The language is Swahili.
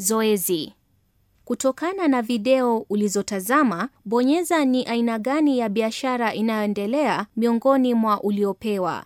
Zoezi: kutokana na video ulizotazama, bonyeza ni aina gani ya biashara inayoendelea miongoni mwa uliopewa.